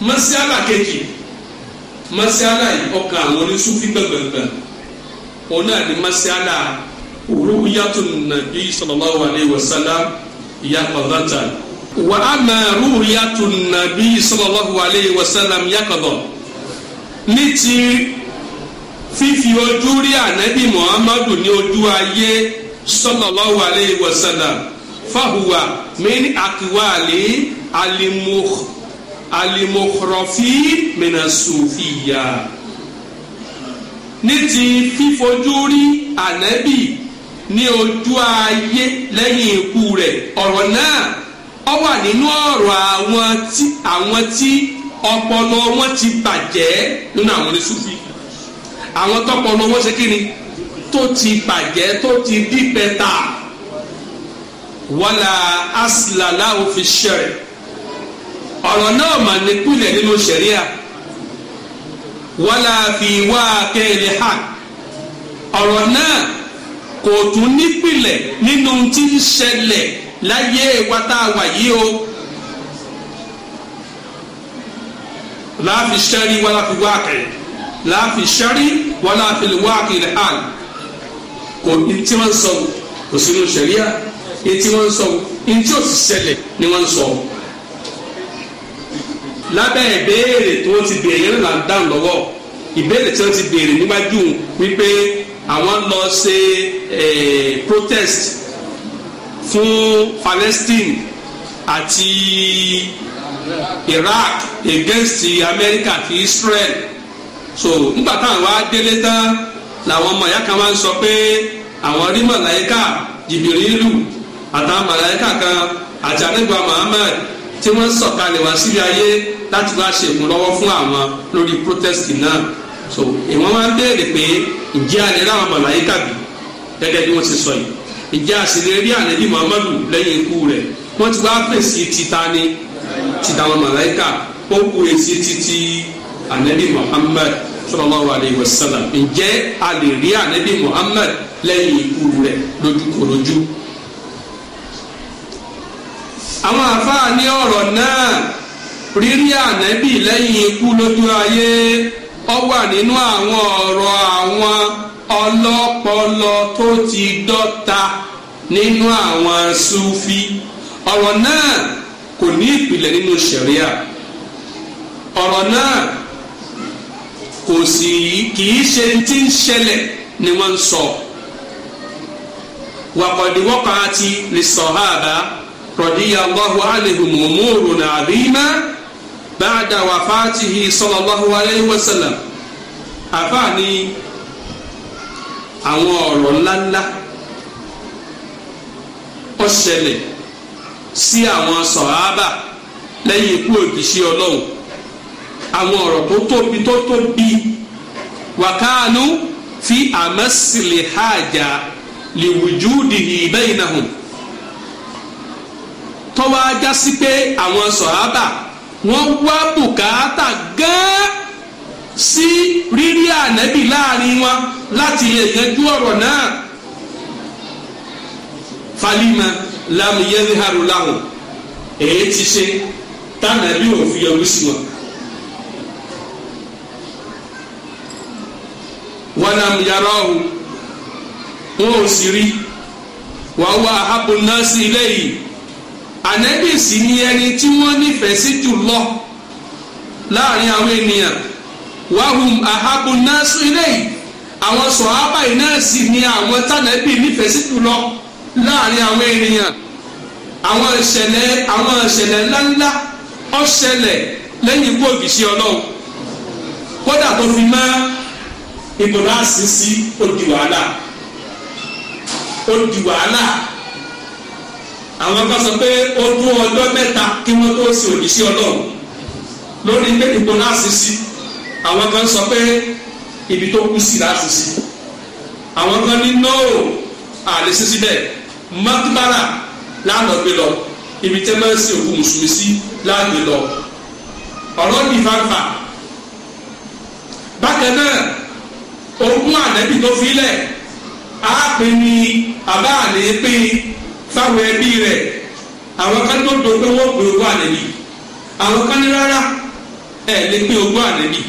masiala kejì masiala yìí ọkàn àwọn oníṣúfì gbẹgbẹgbẹ òun náà ni masiala rúyàtò nàbí sallallahu alayhi wa sallam yaqadatan wa ama rúyàtò nàbí sallallahu alayhi wa sallam yaqadan ní ti fífi ojú rí ànábì muhammadu ní ojú ayé sallallahu alayhi wa sallam fahuwa min akwali alimuh alimokorofi minasufiya ní ti fífojú rí ànábì ní ojú ayé lẹ́yìn ikú rẹ̀ ọ̀rọ̀ náà ó wà nínú ọ̀rọ̀ àwọn tí àwọn tí ọpọlọ wọn ti bàjẹ́ nínú àwọn oníṣúfì àwọn tọpọlọ wọn ṣe kíni tó ti bàjẹ́ tó ti dípẹ́ta wàlà asìlálà òfin ṣẹ̀rẹ̀ ọ̀rọ̀ náà mà nípìnlẹ̀ nínú sẹ̀ríà wàlá fi wá kẹ́lẹ́ hà ọ̀rọ̀ náà kò tún nípìnlẹ̀ nínú tí ń ṣẹlẹ̀ láyé wata wà yìí o láàfi sẹ́rí wàlá fi wá kẹ́lẹ́ láàfi sẹ́rí wàlá fi wá kẹ́lẹ́ hà kò tí wọ́n sọ kò sínú sẹ̀ríà tí wọ́n sọ ntí ó sì ṣẹlẹ̀ ni wọ́n sọ lábẹ́ ìbéèrè tó ti béèrè yẹn là ń dáhùn lọ́wọ́ ìbéèrè tí wọ́n ti béèrè níwájú wípé àwọn lọ ṣe protest fún Palestine àti Iraq against America àti Israel so nígbà táwọn wá délé tán làwọn ọmọ ìyá kan wá ń sọ pé àwọn rí màláíkà jìbìrì ìlú àtàwọn màláíkà kan àti àdégbà Muhammad tí wọ́n ń sọ̀kalẹ̀ wá sílé ayé láti wá ṣe ìkúnlọ́wọ́ fún àwọn lórí protest náà so ìwọ́n máa ń béèrè pé ǹjẹ́ alẹ́ láwọn màláyíkà bí gẹ́gẹ́ bí wọ́n ti sọ yìí ǹjẹ́ àṣìlẹ̀ rí ànábì muhammadu lẹ́yìn ikú rẹ̀ wọ́n ti wá fèsì títa ni títa àwọn màláyíkà ó kú èsì títí ànábì muhammad sallallahu alayhi wa sallam ǹjẹ́ alẹ́ rí ànábì muhammad lẹ́yìn ikú rẹ̀ lójúkòròjú. àwọn àfáà ní ọ̀rọ̀ náà rírí ànábì lẹ́yìn ikú lójú ayé ọ wà nínú àwọn ọ̀rọ̀ àwọn ọlọ́pọlọ tó ti dọ́ta nínú àwọn sufi ọ̀rọ̀ náà kò ní ìpìlẹ̀ nínú ṣẹ̀ríà ọ̀rọ̀ kò sì kì í ṣe ń ṣẹlẹ̀ ni wọ́n ń sọ رضي الله عنهم أمور عظيمة بعد وفاته صلى الله عليه وسلم àfààní أمور ọ̀rọ̀ ńláńlá ó ṣẹlẹ̀ sí àwọn sọ̀hábà lẹ́yìn ikú òjíṣẹ́ ọlọ́run àwọn ọ̀rọ̀ tó tóbi tó tóbi wàkánú fi àmásìlè hájà lè wùjú dìhì bẹ́ẹ̀ náà hàn tọ́wọ́ ajá sí pé àwọn sọ̀hábà wọ́n wá bùkátà gán sí rírí ànábì láàrin wọn láti lè yanjú ọ̀rọ̀ náà falima lamuyẹri haru lahun èyí ti ṣe tànàbí òfin yọrí sí wọn. wọnàm yàrá ọhún wọn ò sì rí wàá wá ahabu náà sí ilé yìí. anebi sì ni ẹni tí wọ́n nífẹ̀ẹ́ sí jù lọ láàrin àwọn ènìyàn wàhùn ahabu náà sún ilé yìí àwọn sọ̀hábà yìí náà sì ni àwọn tànẹ́bì nífẹ̀ẹ́ sí jù lọ láàrin àwọn ènìyàn àwọn ìṣẹ̀lẹ̀ àwọn ìṣẹ̀lẹ̀ ńláńlá ó ṣẹlẹ̀ lẹ́yìn ikú òbíṣẹ́ kódà tó fi mọ́ ìbùdó àṣìṣí ó di wàhálà ó di wàhálà. àwọn kan sọ pé ó dún ọjọ́ mẹ́ta kí wọ́n tó sin òjíṣẹ́ ọlọ́run lórí pé ìbò náà sì sí àwọn kan sọ pé ibi tó kú sí láti sí àwọn kan ní nóò àlè sí síbẹ̀ mọ́tìbára láàánú gbé lọ ibi tẹ́ máa ń sin òkú mùsùlùmí sí láàánú lọ ọ̀rọ̀ ní fanfa bákan náà ogún àdẹ́bí tó fi lẹ̀ á pè ní àbá àlè pé fáwọn ẹbí àwọn kan tó do pé wọ́n pè ogún ànẹ́bí àwọn kan ní rárá ẹ̀ lè pè ogún ànẹ́bí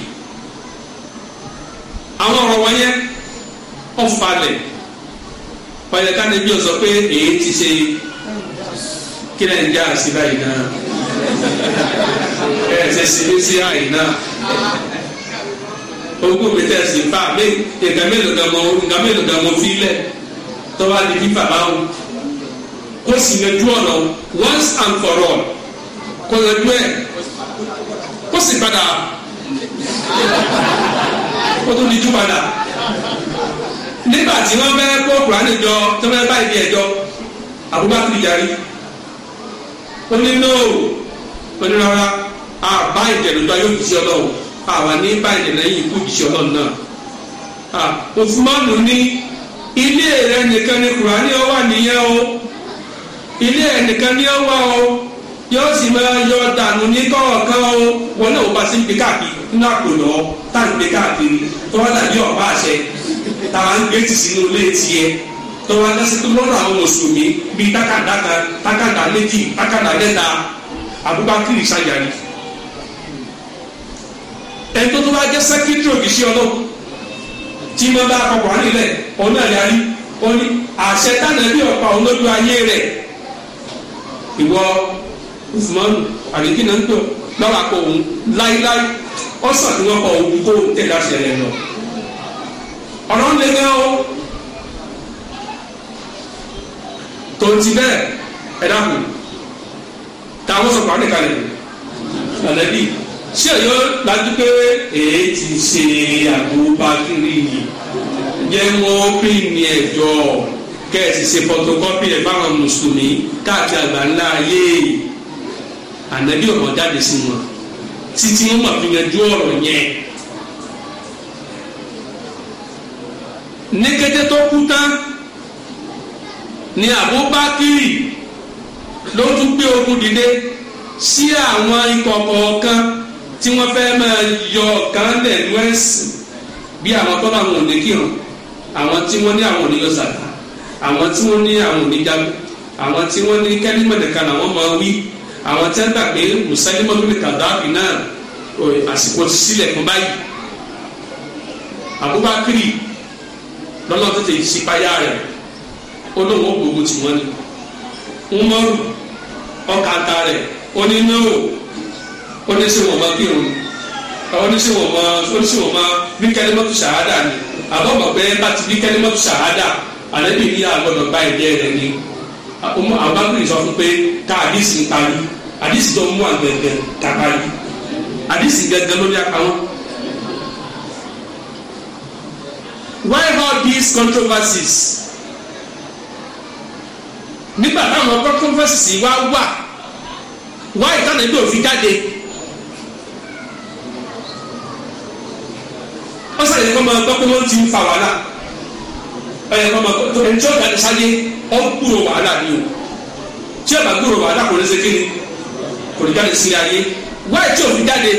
àwọn ọ̀rọ̀ wọ̀nyẹ ọ̀falẹ̀ ọ̀yẹ̀ ká níbi ọ̀sọ́ pé èyí ti ṣe kí náà ń já sí báyìí náà ẹ̀ ṣe sí ní sí àyè náà ogún mi tẹ̀ sí fáà mí ìgbà mélòó gan mo fi lẹ̀ tọ́wá di fífà báwọn kó sì yanjú ọ̀nà once and for all kó yanjú ẹ̀ kó sì padà kó tó dijú padà nígbà tí wọ́n fẹ́ kó kùránì jọ tó fẹ́ bá ibi ẹ̀ jọ Abubakar yarí ó ní nóò ó ní rárá àbá ìjẹ̀dùgbà yóò jí ọlọ́run àwa ní bá ìjẹ̀dùgbà yìí kú jí ọlọ́run náà Usmanu ní ilé rẹ nìkan ni kùránì ó wà o ilé ẹnìkan ní ọwọ́ o yóò sì máa yọ dànù ní kọ̀ọ̀kan o wọn náà wọ́n bá sí gbé káàkiri nínú àpò tá à ń gbé káàkiri tọ́wọ́ dàbí ọ̀pá àṣẹ tá à ń gbé tì sínú ilé tiẹ̀ tọ́wọ́ adásí tó lọ́rọ̀ àwọn mùsùlùmí bíi tákàdá tákàdá méjì tákàdá mẹ́ta Abubakar Sanjani ẹni tó tó bá jẹ́ sẹ́kítírì òkìṣẹ́ ọlọ́run tí mo bá kọkọ̀ nílẹ̀ ọ̀nà ìyá rí ó ní àṣẹ tánà bí ọ̀pá olójú ayé rẹ̀ ìwọ usman àríkí náà ń pè lọ́wọ́ àpò òun láíláí ó sàn kí wọ́n kọ òun kó tẹ̀lé àṣẹ lọ. ọ̀rọ̀ ń le gan o tó ti bẹ́ẹ̀ ẹ dákun táwọn sọ̀rọ̀ àwọn nìkan lè lọ́lẹ́bí ṣé èyí ó dájú pé èyí ti ṣe àgbo bá kiri yìí jẹ́ wọ́n pín ní ẹ̀jọ́ kẹ́ẹ̀sì ṣe photocopy rẹ̀ fáwọn mùsùlùmí káàkiri àgbáńlá ayé ànábì ọ̀rọ̀ jáde sí wọn títí wọn máa fi yanjú ọ̀rọ̀ yẹn. ní kété tó kú tán ni Abubakiri ló tún gbé ogun dìde sí àwọn ikọ̀ kọ̀ọ̀kan tí wọ́n fẹ́ máa yọ kánlẹ̀ lọ́ẹ̀sì bí àwọn tó wọn ò ní kírun àwọn tí wọ́n ní àwọn ò ní yọ sàkà àwọn tí wọ́n ní àwọn oníjagun àwọn tí wọ́n ní kẹ́límọ̀ nìkan làwọn máa wí àwọn tí wọ́n gbà pé mùsálímọ̀ ló lè kà dáàbì náà àsìkò sílẹ̀ fún báyìí Abubakari lọ́lọ́ tètè sípayá rẹ̀ ó lóun ó gbogbo tì wọ́n ni Umaru ọkà ta rẹ̀ ó ní náwó ó ní sèwọ̀n máa kírun ó ní sèwọ̀n máa ó ní sèwọ̀n máa bí kẹ́límọ̀ tó ṣàhádà ni àbọ̀ mọ̀ bá ti bí kẹ́límọ̀ tó ṣàhádà àlẹ́bí ní àgbọ̀dọ̀ gba ẹ̀jẹ̀ rẹ̀ ni àbábìrì sọ fún pé ká àdìsí parí àdìsí tó mú àgbẹ̀gbẹ̀ ká parí àdìsí gẹ́gẹ́ lórí àpamọ́. Why about these controversies? nígbà táwọn controversies wá wà Why ìtànà ibi òfin jáde ó sàlẹ̀ kọ́ máa gbọ́ pé wọ́n ti ń fa wàhálà ọyẹ kọ́ ma tó ẹni tí ó jáde sáyé ọ ń kúrò wàhálà ni o tí ó bá kúrò wàhálà kò ní ṣe kíni kò ní jáde sí ayé wáyé tí òfin jáde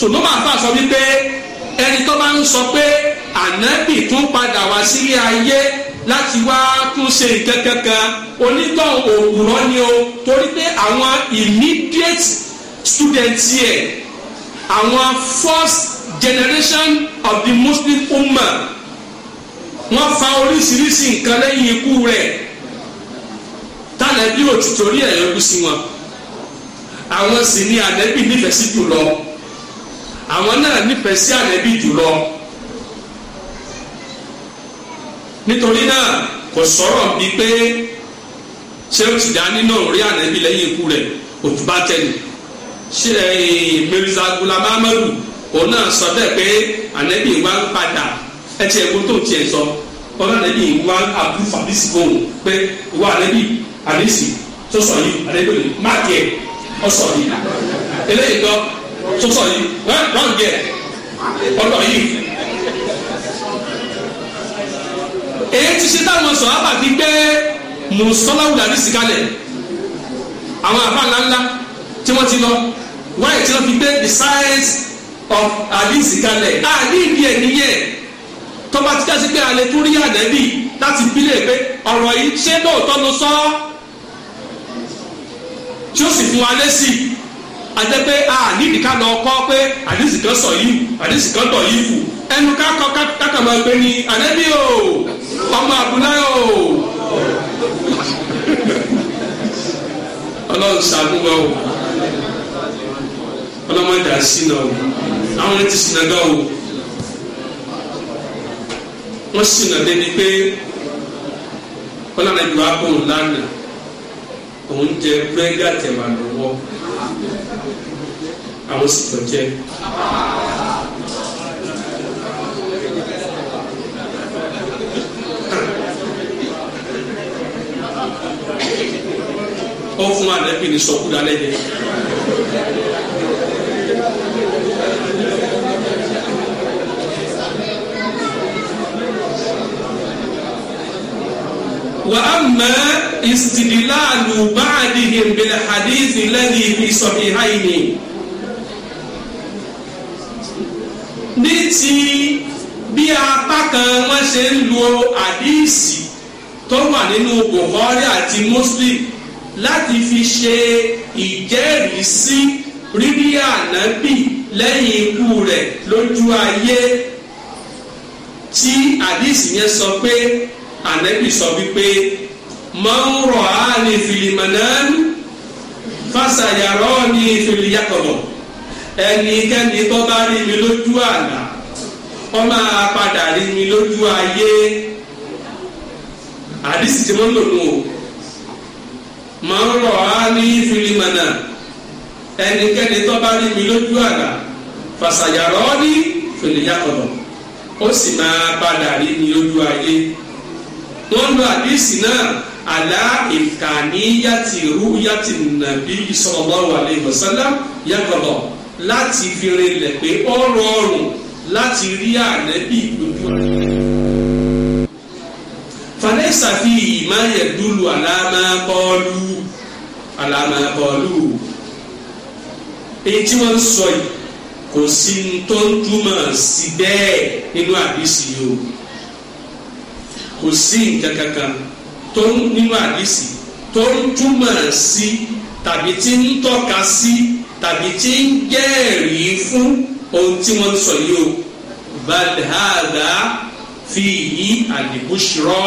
ṣùgbọ́n máa fà sọ wípé ẹni tó bá ń sọ pé ànábì tún padà wá sílé ayé láti wá tún ṣe nǹkan kankan òwúrọ̀ ni o torí pé àwọn immediate students yẹ àwọn first generation of the Muslim Ummah wọ́n fa oríṣiríṣi nǹkan lẹ́yìn ikú rẹ̀ tànàbí ò ti torí ẹ̀ yọjú sí wọn àwọn sì ni ànẹ́bí nífẹ̀ẹ́ sí jùlọ àwọn náà nífẹ̀ẹ́ sí ànẹ́bí jùlọ nítorí náà kò sọ̀rọ̀ bíi pé ṣé o ti dá nínú rí ànẹ́bí lẹ́yìn ikú rẹ̀ òtúbá tẹ̀lé ṣe eh, Mirza Ghulam Ahmadu òun náà sọ bẹ́ẹ̀ pé ànẹ́bí wa ń padà ẹtì ẹ̀gbọ́n tó ń tiẹ̀ sọ wa abu fabisi fóun pé wa alẹ́bí alẹ́sì sọ́sọ̀ yìí alẹ́bí olè má tiẹ̀ ọ̀sọ̀ yìí eléyìí tọ́ sọ́sọ̀ yìí wọ́n jẹ ọlọ́ èyí ti ṣe táwọn sọ̀ abàbí gbé mùsọ́láwù làdísì kalẹ̀ àwọn àbá ńláńlá tí wọ́n ti lọ wáyé tí wọ́n fi gbé the science of àdísì kalẹ̀ àdídìí ẹ̀ nìyẹn tọ́ba ti jásí pé alẹ́ tún rí ànẹ́bì láti bílẹ̀ pé ọ̀rọ̀ yìí ṣé lóòótọ́ ló sọ ọ́ tí ó sì fún wa lẹ́sìn àjẹ́ pé a nídìí ká lọ kọ́ pé àdìsí kan sọ yìí àdìsí kan tọ̀ yìí kù ẹnu kákọ́ kákà máa gbé ni ànẹ́bì o ọmọ àbúláyò o ọlọ́run ṣàdúgbò o ọlọ́mọdé àṣìnà o àwọn ẹni tí sinagá o. wọ́n sì nà débi pé ọlọ́run ìlú akóhùn lánàá òun jẹ búrẹ́dì àtẹ̀wà lọ́wọ́ àwọn sì tọ́ jẹ́. ọ̀fun àdẹ́bìnrin sọ̀kúdà lẹ́yìn. àmọ́ ìsìdìláàlù ba'dihim bil hadith alladhi fi sahihayn ní ti bí apá kan wọ́n ṣe ń lo àdíìsì tó wà nínú Bukhari àti Muslim láti fi ṣe ìjẹ́rìísí rírí ànábì lẹ́yìn ikú rẹ̀ lójú ayé tí àdíìsì yẹn sọ pé ànábì sọ wípé man ra'ani fil manan fasayarani fil yaqadha ẹnikẹ́ni tó bá rí mi lójú àlá ó máa padà rí mi lójú ayé àdìsí tí wọ́n lò nù o man ra'ani fil manan ẹnikẹ́ni tó bá rí mi lójú àlá fasayarani fil yaqadha ó sì máa padà rí mi lójú ayé wọ́n lo àdìsí náà ala ìkànnìyàtì rúyàtì nàbí sallallahu alayhi wa sallam yàgọ̀dọ̀ láti fi rinlẹ̀ pé ó rọrùn láti rí ànẹ́bí lójú àná. fàlẹ́sà fi ìmọ̀ yẹn dúró àlámà bọ́ọ̀lù àlámà bọ́ọ̀lù èyí tí wọ́n ń sọ yìí kò sí tó ń túmọ̀ sí bẹ́ẹ̀ nínú àdìsí o kò sí nǹkan kankan tó ń nínú àdìsí tó ń túmọ̀ sí tàbí tí ń tọ́ka sí tàbí tí ń jẹ́rìí fún ohun tí wọ́n sọ yìí o balhada fi yí àdìbùsùrọ̀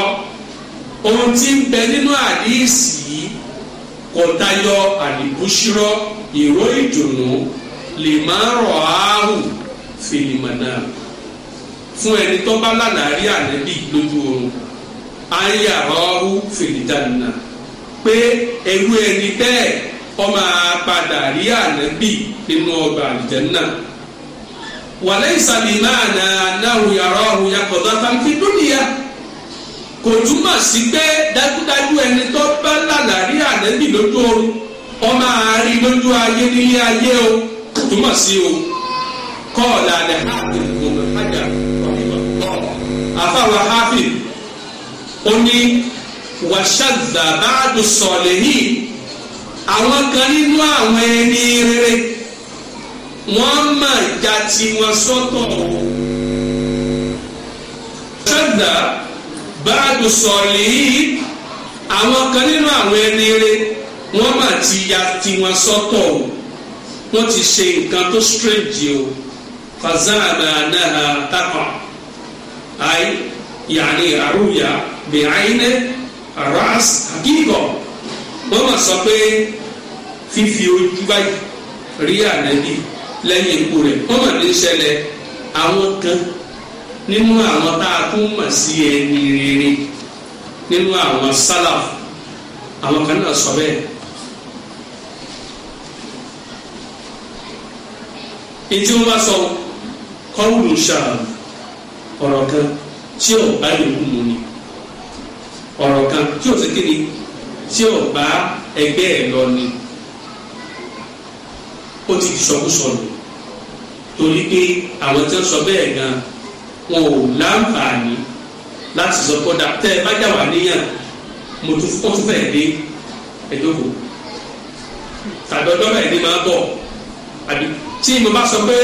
ohun tí ń bẹ nínú àdìsí kò tayọ àdìbùsùrọ̀ ìró ìdùnnú lè máa rọ̀ áhùn fìlìmọ̀ náà fún ẹni tó bá lánàá rí ànábì lójú oorun ayàrọ́rú fìdíjànà pé ẹrú ẹni bẹ́ẹ̀ ó máa padà rí ànábì nínú ọgbà àlùjànnà wàlẹ́ ìsàlì náà nà náà yàrá ọ̀hún yàtọ̀ tàbí dúnìyà kò túmọ̀ sí pé dájúdájú ẹni tó bá lálàrí ànábì lójú oorun ó máa rí lójú ayé nílé ayé o kò túmọ̀ sí o kọ́ọ̀lá ni hafi ìgbòho hajj ọ̀hún àfàwọn hafi ó ní wàṣàgbà báàdù sọ̀lẹ̀ yìí àwọn kan nínú àwọn ẹni rere wọ́n máa ja tiwọn sọ́tọ̀ wàṣàgbà báàdù sọ̀lẹ̀ yìí àwọn kan nínú àwọn ẹni rere wọ́n máa ti ya tiwọn sọ́tọ̀ o wọ́n ti ṣe nǹkan tó strange o fazana náà takọ̀ àì yàrá àrùyà bìràyìnẹ ras àkíkọ wọn mà sọ pé fífi ojú báyìí rí ànábì lẹ́yìn ikú rẹ̀ wọn mà ní ṣẹlẹ̀ àwọn kan nínú àwọn tá a tún mọ̀ sí ẹni rere nínú àwọn sálàf àwọn kan náà sọ bẹ́ẹ̀. ètí wọn bá sọ kọ́wùlù ṣáà ọ̀rọ̀ kan tí ò bá lè kú mu ni ọ̀rọ̀ kan tí ò sí kíni tí ò bá ẹgbẹ́ ẹ̀ lọ ni ó ti sọkúsọ nù torí pé àwọn tí wọ́n sọ bẹ́ẹ̀ gan wọn ò láǹfààní láti sọ kọ́dà tẹ́ ẹ bá jà wà níyàn mo tún ó tún fẹ́ẹ̀ dé ẹ̀dókò tàbí ọjọ́ bẹ́ẹ̀ ni máa bọ̀ àbí tí mo bá sọ pé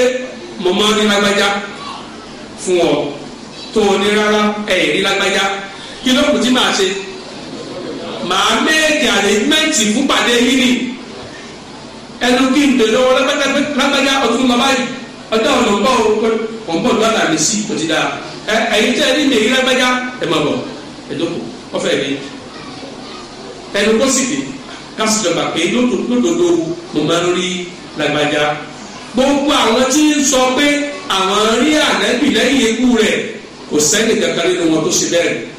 mo máa ń rí lágbájá fún ọ tó o ní rárá ẹ̀ rí lágbájá kí ló kù tí màá ṣe màá méèkì àrègbèntì fún pàdé yìí ni ẹnu kí n dèrò wọn lágbájá ọdún lọ báyìí ọjọ́ ọ̀nà ń bọ̀ ọ̀ ń bọ̀ lọ́dà mi sí kò ti dà ẹ ẹ̀yin tẹ́ ẹ ní mèrí lágbájá ẹ máa bọ̀ ẹ dọ́kọ̀ ọ̀fẹ́ mi ẹnu kó sì dé kásì jọba pé lódodo mo máa ń rí lágbájá gbogbo àwọn tí ń sọ pé àwọn rí ànábì lẹ́yìn ikú rẹ̀ kò sẹ́ni kankan nínú wọn tó ṣe bẹ́ẹ̀